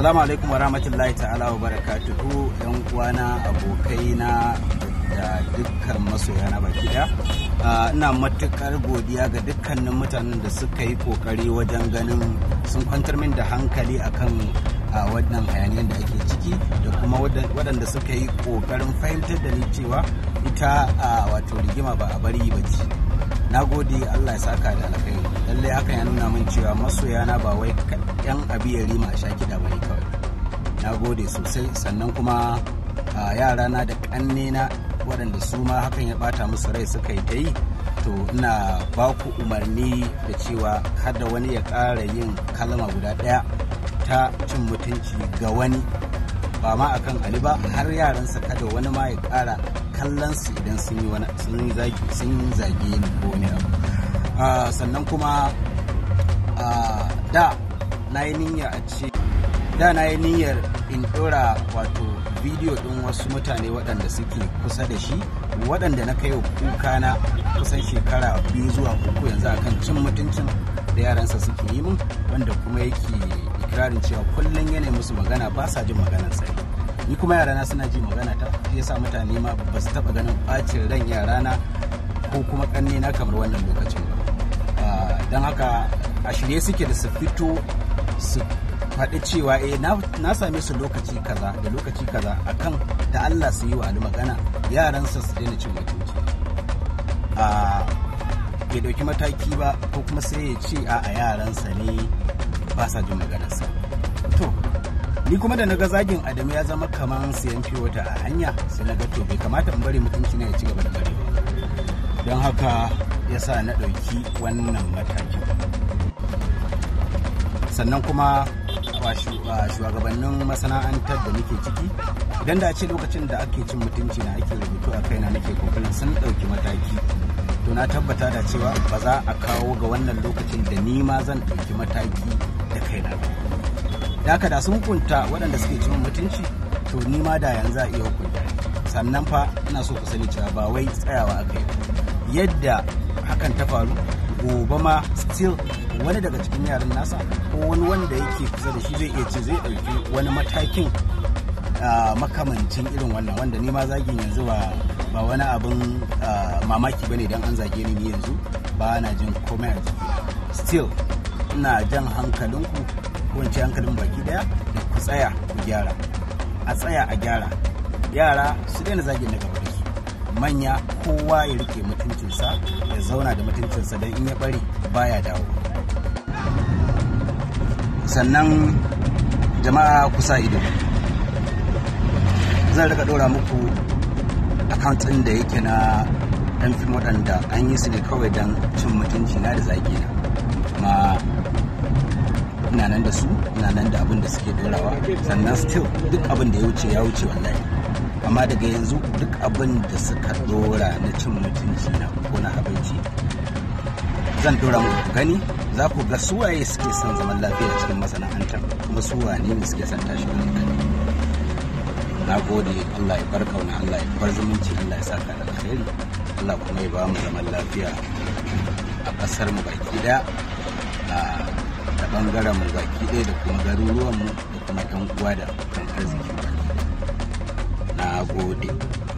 Assalamu alaikum wa rahmatullahi ta'ala wa barakatuhu yan uwana abokaina da dukkan masoya na baki daya. Ah, ina matuƙar godiya ga dukkanin mutanen da suka yi ƙoƙari wajen ganin sun kwantar min da hankali akan a ah, wannan hayaniyar da ake ciki da kuma waɗanda suka yi ƙoƙarin fahimtar da ni cewa ita a ah, wato rigima ba a bari ba ce. na gode allah ya saka da alkhairi lallai hakan ya nuna min cewa masoyana ba wai yan abiyari ma a sha kiɗa ba gode sosai sannan kuma yara na da ƙannena waɗanda su ma hakan ya bata musu rai suka yi ta yi to ina ba ku umarni da cewa kada wani ya ƙara yin kalma guda ɗaya ta cin mutunci ga wani ba ma akan ali ba har yaransa kada wani ma ya ƙara kallon su idan sun yi wani sun zagi sun zage ni ko wani abu sannan kuma da na yi niyyar a ce da na yi niyyar in ɗora wato bidiyo din wasu mutane waɗanda suke kusa da shi waɗanda na kai kuka na kusan shekara biyu zuwa uku yanzu akan cin mutuncin da yaransa suke yi min wanda kuma yake ikirarin cewa kullum yana musu magana ba sa jin maganar sai ni kuma yarana suna ji magana ta yasa mutane ma ba su taɓa ganin ɓacin ran yarana ko kuma ƙanne na kamar wannan lokacin ba ah, don haka a shirye suke da su fito su faɗi cewa eh na same su lokaci kaza da lokaci kaza akan da Allah su yi wa Ali magana yaransa su daina cin mutunci a ke ɗauki mataki ba ko kuma sai ya ce a a yaransa ne ba sa jin maganarsa to ni kuma da naga zagin adamu ya zama kaman siyan wata a hanya sai na ga to bai kamata in bari mutunci ne ya ci gaba da bari don haka ya sa na ɗauki wannan matakin sannan kuma shugabannin masana'antar da nake ciki idan da ce lokacin da ake cin mutunci na ake rubutu a kaina nake kokarin sun ɗauki mataki to na tabbata da cewa ba za a kawo ga wannan lokacin da ni ma zan ɗauki mataki da kaina da ka da sun hukunta waɗanda suke cin mutunci to ni ma da yanzu za a iya hukunta sannan fa ina so ku sani cewa ba wai tsayawa a kai yadda hakan ta faru gobe ma still wani daga cikin yaran nasa ko wani wanda yake kusa da shi zai iya ce zai ɗauki wani matakin makamancin irin wannan wanda ni ma zagin yanzu ba ba wani abin mamaki bane dan an zage ni yanzu ba na jin komai a jiki still ina jan hankalinku ko hankalin baki daya da ku tsaya ku gyara a tsaya a gyara yara su daina zagin na gaba manya kowa ya rike mutuncinsa ya zauna da mutuncinsa don in ya bari baya dawo sannan jama'a kusa ido zan rika dora muku account ɗin da yake na ɗan fim waɗanda an yi su ne kawai don cin mutunci na da zage na ma ina nan da su ina nan da abin da suke dorawa sannan still duk abin da ya wuce ya wuce wallahi amma daga yanzu duk abin da suka dora na cin mutunci na ko na abinci zan dora muku gani za ku ga suwaye suke son zaman lafiya cikin masana'antar kuma suwa ne suke son tashi wani gani na gode allah ya bar kauna allah ya bar zumunci allah ya saka da alheri allah kuma ya ba mu zaman lafiya a ƙasar mu baki ɗaya ta bangaren mu baki ɗaya da kuma garuruwan mu da kuma yan uwa da kan arziki baki I would.